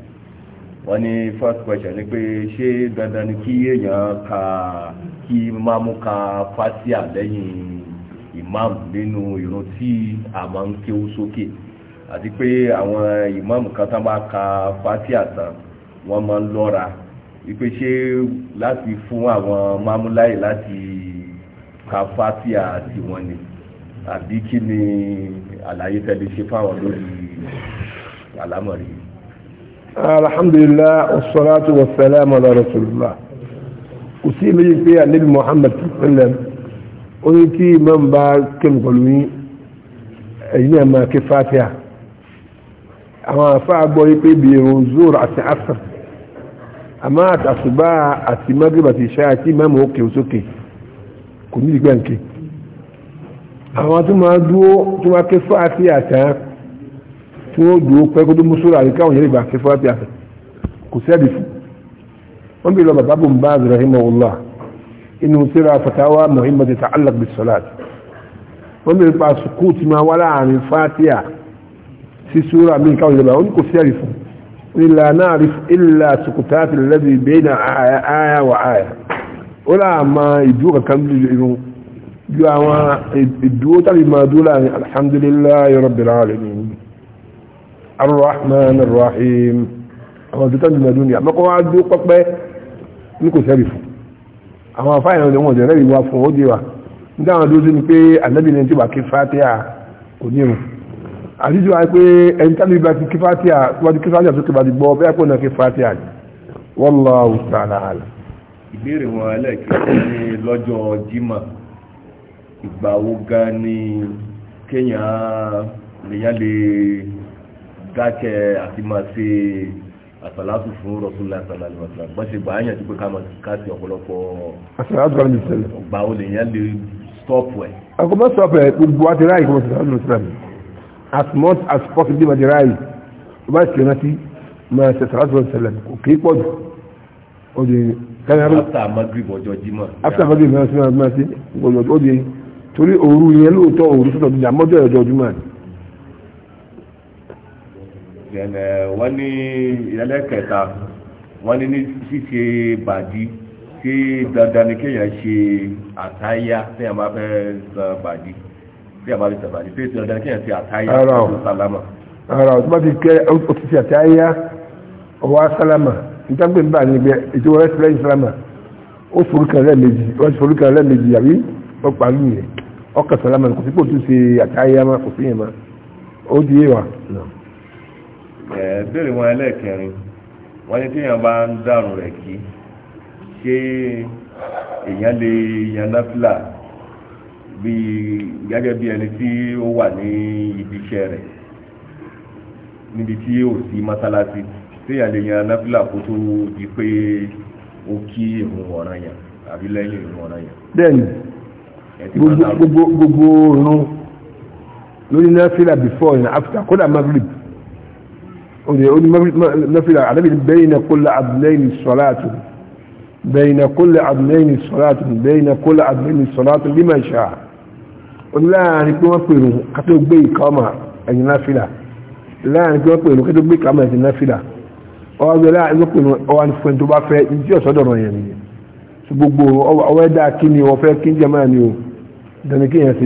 wọ́n ní first question ni pé ṣé dandan ni kí èèyàn ka kí máàmù ka fásíà lẹ́yìn imam nínú ìrun tí a ń kéwú sókè. Okay àti pé àwọn ìmáàmù kan tán bá ka fatia tán wọ́n máa ń lọ́ra wípé ṣé láti fún àwọn mámúláyè láti ka fatia tiwọn ni àbí kí ni àlàyé tẹ́lẹ̀ ṣe fáwọn lórí àlámọ̀rí. alhamdulilah wasalaatu wasalaam ala rasulillah kò sí méjì pé anabi muhammad sallam ó ní tí imam bá kéwòn pẹ̀lú yín ẹ̀yin náà máa ké fatia àwọn àfáà gbọ́ wípé bí irun zoro àti asr àmá àtàṣùbá àti magrib àti ìṣá àti ìmáàmù òkè òsókè kò ní ìgbà nkè àwọn tó máa dúó tó máa ké fún àti àtà tí wọ́n dúó pẹ́ kó tó mú sóra àríká òun yẹn lè gbà ké fún àti àtà kò sẹ́ẹ̀dì fún wọ́n bí lọ bàbá bò ń bá rahimahullah inú síra fatawa muhimmadu ta'allaq bis salat wọ́n bí pa sukuu ti máa wá láàrin fatiha sí súra mi káwọn ìjọba òun kò sí ẹ̀rí fún ilà náà rí ilà sùkùtà ti lẹ́bi bẹ́ẹ̀nà àyà wà àyà ó là máa ìdúró kankan bí irun ju àwọn ìdúró tàbí máa dúró láàrin alhamdulillahi rabbil alamin arrahman arrahim àwọn ìdúró tàbí máa dúró ní àmọ́kọ́ wá dúró pẹ́pẹ́ ní kò sẹ́rí fún àwọn afáyàn ọ̀dẹ̀ wọn ọ̀dẹ̀ rẹ̀ wá fún ó dé wa ní táwọn dúró sí ni pé ànábì ní ti wà kí fatiha kò ní irun àdíjú wa pé ẹni tábí bá ti kí fátíà wọ́n ti kí fátíà tó kébà ti gbọ́ bẹ́ẹ̀ pọ̀ náà kí fátíà ni wallahu ta'ala alam. ìbéèrè wọn ẹlẹ́ẹ̀kejì ní lọ́jọ́ Jímọ̀ ìgbà wo gan ni kéèyàn lèyàn lè dákẹ́ àti máa ṣe àsàlátù fún Rasulullah sallallahu alaihi wasallam bọ́n ṣe gbà á yàn ká máa ká ọ̀pọ̀lọpọ̀ ọgbà wo lèyàn lè stọ́ọ̀pù ẹ̀. àkọ́bọ̀ stọ́ọ̀pù ẹ̀ gbogbo as much as possible ma dira yi o b'a tile nati ma sasara sɔrɔ sɛlɛ o k'i kpɔ ju o after magrib ọjọ́ Jímọ̀ after magrib ma se ma se ọjọ́ o de ye torí òru yẹn ló tọ òru sọ̀tọ̀ bi àmọ́ ọjọ́ ọjọ́ Jímọ̀. Uh, wọ́n ní ìrẹ́lẹ̀ kẹta wọ́n ní ní ṣíṣe bàdí ṣé dandan ni kéèyàn ṣe àtáyá téèyàn bá fẹ́ sọ bàdí bí a bá lè tàbí pé tí ọ̀dá kí ẹ̀ ti àtàyà ọ̀dọ̀ sálámà. ara ọ̀tún bá ti kẹ́ ó ti ti àtàyà ọwọ́ sálámà nígbàgbé ń bá ní ẹgbẹ́ ètò ọ̀rẹ́ sílẹ̀ ìsálámà ó forúkàn lẹ́ẹ̀mejì ó ti forúkàn lẹ́ẹ̀mejì àbí ó parí yẹn ọkà sálámà kò sí pò tún ṣe àtàyà má kò sí yẹn má ó di yé wa. ẹ̀ẹ́dẹ̀rẹ̀ wọn ẹlẹ́ẹ̀kẹrin wọ́n ní téèyàn bá bí gẹ́gẹ́ bí ẹni tí ó wà ní ibi iṣẹ́ rẹ̀ níbi tí ó sí mọ́sálásí téèyàn lè yan náfìlà kó tó di pé ó kí ìrun ọ̀ràn yàn àbí lẹ́yìn ìrun ọ̀ràn yàn. bẹ́ẹ̀ni gbogbo ìrun lórí náfìlà before and after kódà magrib ودي نفل عليه بين كل عدلين الصلاة بين كل عدلين الصلاة بين كل عدلين الصلاة لما شاء láàrin pé wọ́n pèrò kátó gbé ìkọ́mà ẹ̀yìn náfìlà láàrin pé wọ́n pèrò kátó gbé ìkọ́mà ẹ̀yìn láàrin pé pèrò bá fẹ́ ọ̀sọ́dọ̀rọ̀ ọwọ́ ẹ̀dá kí ni o dani kí yẹn sí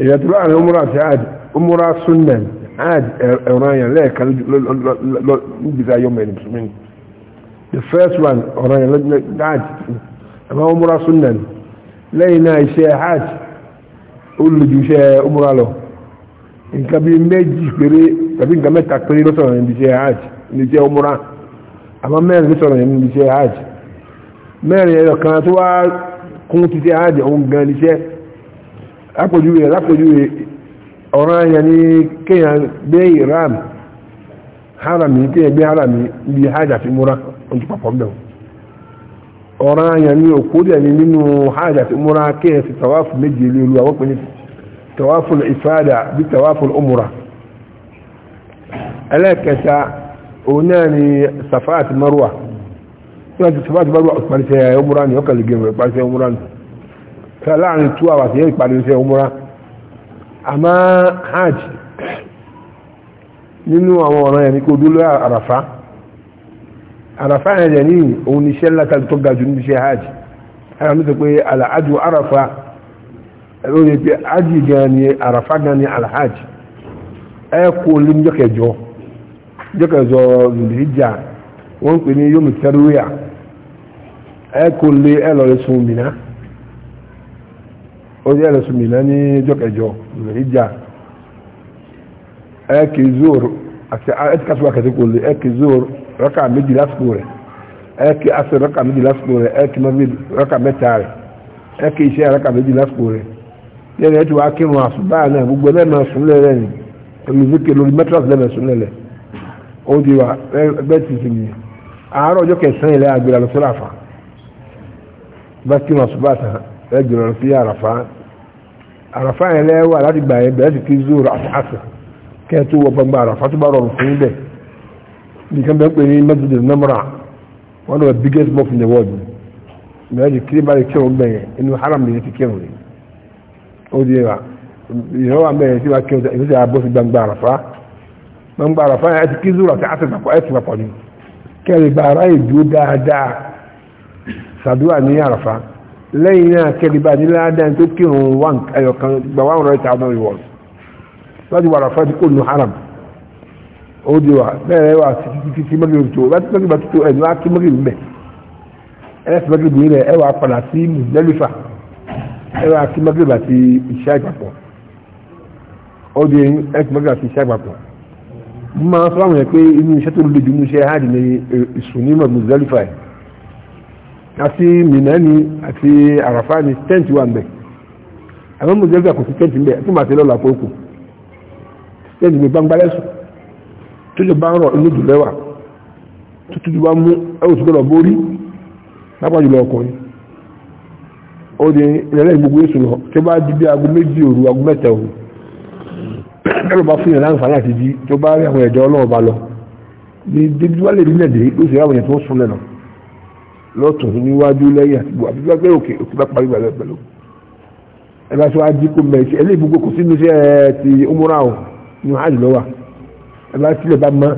إذا تبعنا أمرا سعاد أمرا سنة عاد أورايا لا كان بذا يوم المسلمين the first one أورايا عاد أما أمرا سنة لينا إشياء حاج قول لي إشياء أمرا له nǹkan bíi méjì péré tàbí nǹkan mẹ́ta péré ló sọ̀rọ̀ níbi iṣẹ́ hajj níbi iṣẹ́ umra àmọ́ mẹ́rin ló sọ̀rọ̀ níbi iṣẹ́ hajj mẹ́rin ẹ̀rọ kan tó wá hajj òun gan iṣẹ́ lápòjúwe lápòjúwe ọ̀rọ̀ ayẹ ní kéyàn gbé ìram harami kéyàn gbé harami bí hajjá ti múra oúnjẹ papọ̀ mẹ́wọ̀ ọ̀rọ̀ ayẹ ní òkú dẹ̀ ní nínú hajjá ti múra kéyàn ti tawafu méje lé olú àwọn pẹ̀lú tawafu ìfádà bí tawafu umura ẹlẹ́kẹta òun náà ni safa àti marwa tí wọ́n láàrin two hours yẹ́ ìpàdé iṣẹ́ òmúra àmá hajj nínú àwọn ọ̀ràn ẹ̀mí kò dúró àràfá àràfá ẹ̀jẹ̀ ní òun ni iṣẹ́ ńlá tó ga jù níbi iṣẹ́ hajj ara mi sọ pé alhajj àràfá lórí pé hajj gan ni àràfá gan ni alhajj ẹ kó lé ní jọ́kẹjọ́ jọ́kẹjọ́ lùdíjà wọ́n pè ní yóò mú ẹ kó lé ẹ ó yẹ lọ ní ọjọ́ ìjà ẹ̀ẹ́kì àti ẹ̀ẹ́kì kásùwà lè ẹ̀ẹ́kì rọ́kà méjì lásìkò rẹ̀ ẹ̀ẹ́kì asẹ̀ rọ́kà méjì lásìkò rẹ̀ raka mọ́bí rọ́kà mẹ́ta rẹ̀ ẹ̀ẹ́kì iṣẹ́ rọ́kà méjì lásìkò rẹ̀ yẹ́nì ẹ̀ẹ́tì wàá kírun àṣùbà náà gbogbo ẹlẹ́mọ̀ sùnlẹ̀ rẹ̀ wa ẹ jùlọ sí àràfá àràfá yẹn lẹ́wà láti gbà yẹn bẹ̀rẹ̀ sì kí zoro àti àṣà wọ gbangba àràfá tó bá rọrùn fún bẹ̀ nìkan bẹ́ẹ̀ pé ní mẹ́tòdì nàmúra one of the biggest box in the world bẹ̀rẹ̀ ya kí báyìí kírun bẹ̀ yẹn inú haram yẹn ti kírun ó di wa ìyẹn wà bẹ̀rẹ̀ tí kírun àbọ̀ sí gbangba àràfá gbangba àràfá yẹn ti kí zoro ẹ̀ lẹ́yìn náà kẹlìbà ní ládàá tó kírun wọn ẹyọkan gba wọn rẹ̀ tààdán ìwọ̀n láti wà ràfà tí kò nù haram ó di wa bẹ́ẹ̀ wà títí tí mọ́gìrì tó láti mọ́gìrì tó ẹ̀ níwá kí mọ́gìrì mẹ́ ẹ̀ fi mọ́gìrì yìí rẹ̀ ẹ̀ wà padà sí mùdẹ́lífà ẹ̀ wà kí mọ́gìrì àti ìṣẹ́ àgbàpọ̀ ó di yẹn pé inú iṣẹ́ tó lójú inú iṣẹ́ hajj ní eh, ìsùn ní mọ̀gbùn zẹ́lífà yìí àti mìnàní àti àràfà ní tẹ́ǹtì wà mẹ́ àwọn mùsùlùmí kò sí tẹ́ǹtì mẹ́ tí màá ti lọ́la kókò tẹ́ǹtì mẹ́ gbangbálẹ́sù tó jọ bá ń rọ inú jùlẹ́wà tó tó bá mú ẹwù tó gbọ́dọ̀ borí lápá jùlọ ọkùnrin ó di ìrẹ́lẹ̀ gbogbo èso lọ tó bá di bí aago méjì òru aago mẹ́ta òru ẹlò bá fún yàn láǹfààní àti di tó bá rí àwọn ẹ̀dọ́ ọlọ́wọ́ bá lọ ní débi wálé nílẹ̀ ó sì rí àwọn èèyàn sún lẹ́nu lọ́tún níwájú lẹ́yìn àti gbogbo àbígbà pé òkè òkè bá parí pẹ̀lú pẹ̀lú ẹ bá tó wá kó mẹ́rin ẹ lè gbogbo kò ti umura o ní hajj lọ́wọ́ ẹ bá sílẹ̀ bá bá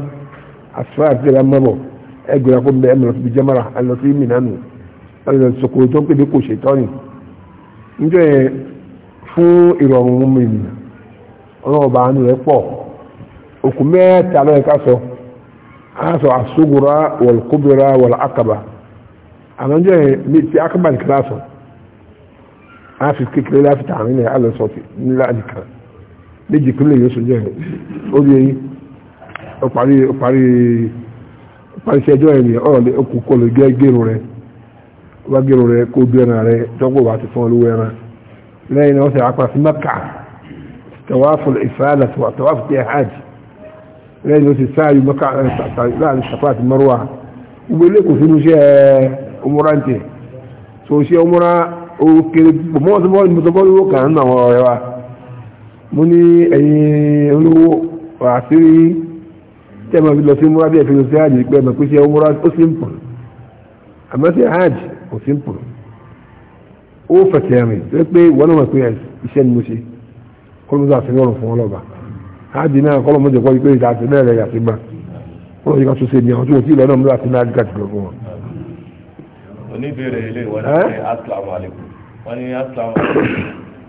ẹ gbéra kó ẹ ẹ lọ sí mìnánu ẹ lọ tó ń kò ṣe fún ìrọ̀rùn mi rẹ pọ̀ òkú mẹ́ta sọ á sọ àwọn jẹ́ mi ti akọ́bàlì kíláàsọ̀ a fi kékeré láti tààrin ní alẹ́sọ̀tì nílá nìkan méjì pínlẹ̀ yóò sójú ẹ̀ ó rí eyín o parí ó parí ó parí sí ẹjọ́ ẹ̀yìn ọ̀rọ̀ lé okùn kó lè gẹ́ gèrò rẹ̀ wá gèrò rẹ̀ kó gbé na rẹ̀ tọ́gbọ̀ wá ti fún olówó ẹran lẹ́yìn náà ó akpasi maka sí mẹ́kà tẹ̀wáfù ìfàlà tẹ̀wáfù tẹ̀ hajj lẹ́yìn ó sì sáàyù mẹ́kà láàrin àti mọ́rùwà gbogbo kò sínú iṣẹ́ umura ń so ṣe umura ó kéré púpọ̀ mọ́ ọ̀tọ́ bọ́ọ̀lù mo bọ́ọ̀lù kan nínú àwọn wa mo ní ẹ̀yin olówó àṣírí tẹ́ mọ̀ lọ sí umura bí ẹ̀fẹ́ lọ sí hajj pé umura o simple àmọ́ sí hajj o simple ó fẹ̀tẹ̀ rìn tó pé wọ́n ni mo ṣe kọ́lọ́mọdé àṣírí ọ̀rọ̀ oníbèrè ilé ìwọ náà ṣe asalaamu alaykum wọn ní asalaamu alaykum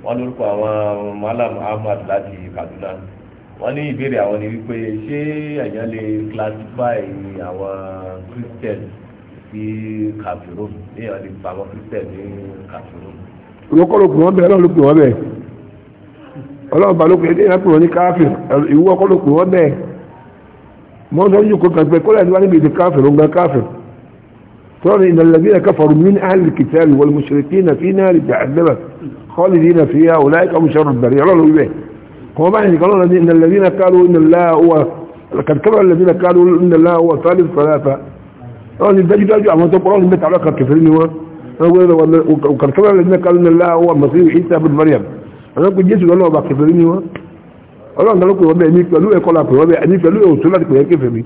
wọn lórúkọ àwọn malam ahmad láti kaduna wọn ní ìbéèrè àwọn ni wípé ṣé èèyàn lè classify àwọn christian sí kàfíró èèyàn lè fa àwọn christian ní kàfíró. ìwọ́n kọ́ ló pè wọ́n bẹ́ẹ̀ ọlọ́run ló pè wọ́n bẹ́ẹ̀ ọlọ́run bá ló pè èèyàn pè wọ́n ní káfíìn ìwọ́n kọ́ ló pè wọ́n mọ́tò yìí kò kàn pé kó lẹ́yìn wá níbi káfíìn ló ń gan káfíìn. ترى إن الذين كفروا من أهل الكتاب والمشركين في نار جهنم خالدين فيها أولئك هم شر البرية قالوا به هو معنى قالوا إن الذين قالوا إن الله هو لقد كفر الذين قالوا إن الله هو ثالث ثلاثة قالوا إن دجل أجل أما تقرأوا إن بتعلق الكفرين هو وقد كفر الذين قالوا إن الله هو المصير عيسى بن مريم أنا قلت جيسوا قالوا بقى كفرين هو قالوا إن الله هو بأميك قالوا إيه قالوا إيه قالوا إيه قالوا إيه قالوا قالوا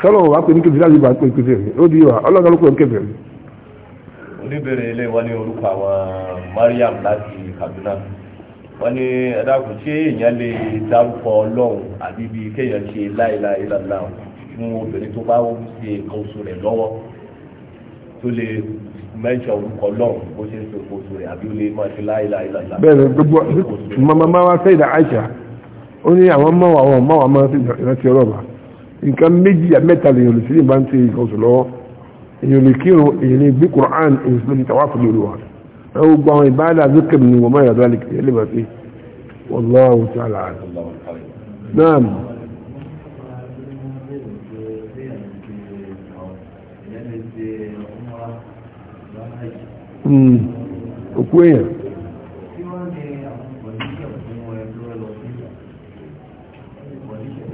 sọ́lọ̀ wà pé ní kébìrì láti bá pé kébìrì ó di wa ọlọ́run ló pè ní kébìrì. oníbèrè ilé wa ní orúkọ àwọn Mariam láti Kaduna wọ́n ní ẹ̀dàkùn ṣé èèyàn lè dárúkọ ọlọ́run àbí bíi kéèyàn ṣe láìláì lọ́la fún obìnrin tó bá ń ṣe nǹkan oṣù rẹ̀ lọ́wọ́ tó lè mẹ́jọ orúkọ ọlọ́run bó ṣe ń ṣe nǹkan oṣù rẹ̀ àbí ó lè máa ṣe láìláì lọ́la. bẹ́ẹ̀ni gbogbo mama wa Sayyida Aisha ó ní àwọn mọwàá wọn mọwàá máa ń nǹkan méjì mẹ́ta lè yọ̀lù sí ìbá ń tẹ nǹkan oṣù lọ́wọ́ èyàn lè kírun èyàn lè gbé Qur'an èyàn sì lè tàwáfù lórí wa ẹ gbogbo àwọn ìbáàdà zikr ni wọ́n máa yàtọ̀ àlèkè ẹ lè bá sí wallahu ta'ala naam. Hmm. òkú èèyàn.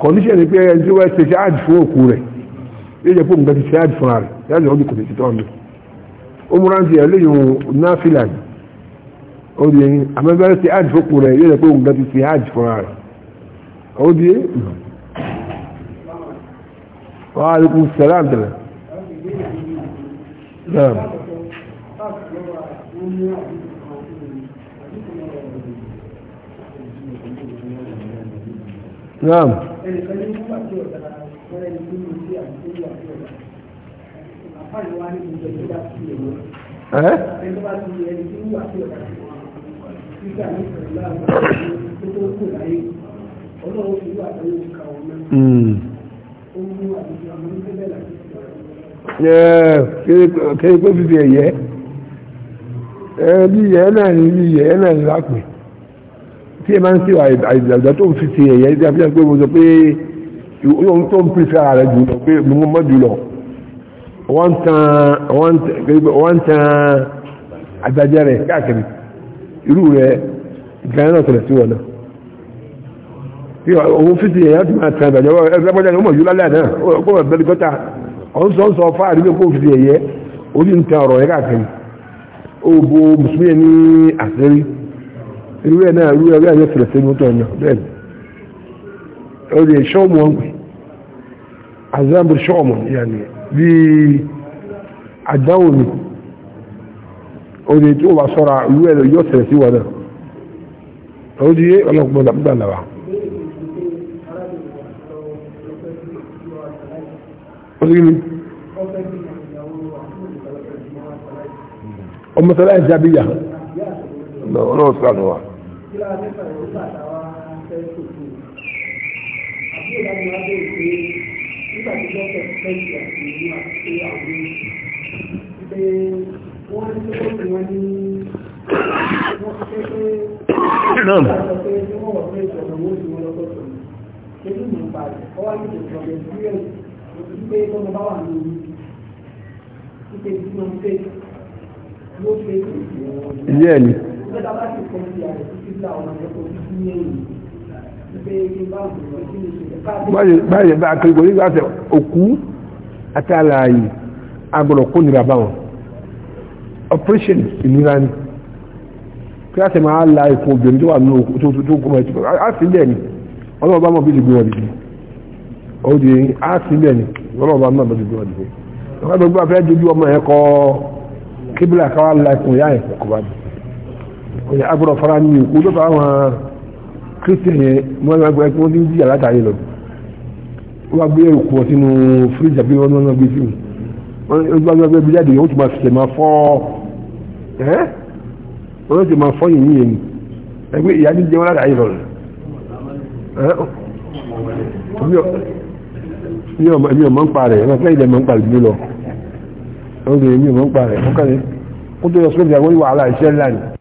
kọ̀ndíṣẹ̀ ni pé ẹni tí wọ́n ṣe ṣáàjì fún òkú rẹ̀ yóò jẹ́ pé òun gbẹ́sẹ̀ ṣáàjì fúnra rẹ̀ ṣáàjì ọdún kò tètè tọ́ mi ó múra ń ti ẹ̀ léyìn náfìlà yìí ó di ẹyin àmọ́bẹ́rẹ́ ṣe ṣáàjì fún òkú rẹ̀ yóò jẹ́ pé òun gbẹ́sẹ̀ ṣáàjì fúnra rẹ̀ ó di ẹ́ wàá rí sẹ́lá àdìrẹ̀ náà Naam ẹnìkan ní nígbà tí ọ̀dà wọn ẹni tó lù sí àdúgbò nígbà tí ọ̀dà àfáàní wa ní ìjọ tó bá ti èrò ẹni tó bá ti ẹni tó nígbà tí ọ̀dà nígbà ní ìṣẹ̀lẹ̀ àwọn tó tó kù láyé ọlọ́run fi wà lórí ìka wọn náà hmm. ó mú àdúgbò àwọn oníkẹ́lẹ́ láti ṣe kéré pé bíbi ẹ̀yẹ́ bí ìyẹ́ náà ní bí ìyẹ́ náà ní lápè tí ẹ máa ń ṣe àìdàgbà tó ń fi ṣe ẹ̀yẹ ìdí àfihàn pé mo sọ pé ohun tó ń pèsè ara rẹ jù lọ pé mo mọ́ jù lọ wọ́n ń tan àdájẹ́ rẹ̀ káàkiri irú rẹ̀ ìgbàyàn náà tẹ̀lẹ̀ sí wọn náà tí òun fi ṣe ẹ̀yẹ máa tan àdájẹ́ ẹgbẹ́gbẹ́jà ni ó mọ̀ jù lálẹ́ àná ó mọ̀ bẹ́ẹ̀ gọ́ta ọ̀n sọ ń kó fi ṣe ẹ̀yẹ ó ń tan ọ̀rọ̀ yẹ káàkiri ó bo mùsùlùmí irú ẹ̀ náà irú ẹ̀ bẹ́ẹ̀ yóò fẹ̀rẹ̀ sí mọ́tò ọ̀nà bẹ́ẹ̀ ni ó lè ṣọ́ọ̀mù wọn pè azambu ṣọ́ọ̀mù yàní bí àdáwò ni ó lè tí ó bá sọ́ra irú ẹ̀ yóò fẹ̀rẹ̀ sí wọn náà ó di ọlọ́pàá dàgbà làwà. ọmọ sọlá ẹ̀ jábíyà lọ́wọ́ kí lára báyìí bá akérèkò yìí láti òkú àti àlàyé agbọ̀dọ̀ kó nira báwọn operation ìnira ni kí láti máa la ikú obìnrin tó wà nínú tó tó kó máa tó á sí bẹ́ẹ̀ ni ọlọ́wọ́ bá mọ̀ bí ìdìbò ọ̀dìbò ó di á sí bẹ́ẹ̀ ni ọlọ́wọ́ bá mọ̀ bí ìdìbò ọ̀dìbò ọlọ́wọ́ bá fẹ́ dojú ọmọ ẹ̀ kọ́ kíbílà káwá la ikú yá ẹ̀ kọ́ bá dùn ẹ̀yà agbọ́dọ̀ fara ní òkú ló fà àwọn kírísítẹ̀n yẹn wọ́n máa gbọ́ ẹgbẹ́ wọn ní jíjà látàrí lọ wọ́n gbé òkú wọn sínú fíríjì àbí wọn náà gbé sí wọn wọ́n gbé bí jáde yẹn wọ́n ti máa fi tẹ̀mà fọ́ ẹ́ wọ́n ti máa fọ́ yìnyín yẹn ẹgbẹ́ ìyá ní jẹun látàrí lọ mi ò mọ̀ ń pa rẹ̀ ẹ̀rọ fẹ́ ilẹ̀ mọ̀ ń pa rẹ̀ lọ ọ̀rẹ́ mi ò mọ̀ ń pa rẹ̀ ọ̀kẹ́rẹ́ kó tó yọ sọ́jà wọ́n ní wàhálà iṣẹ́ ńlá ni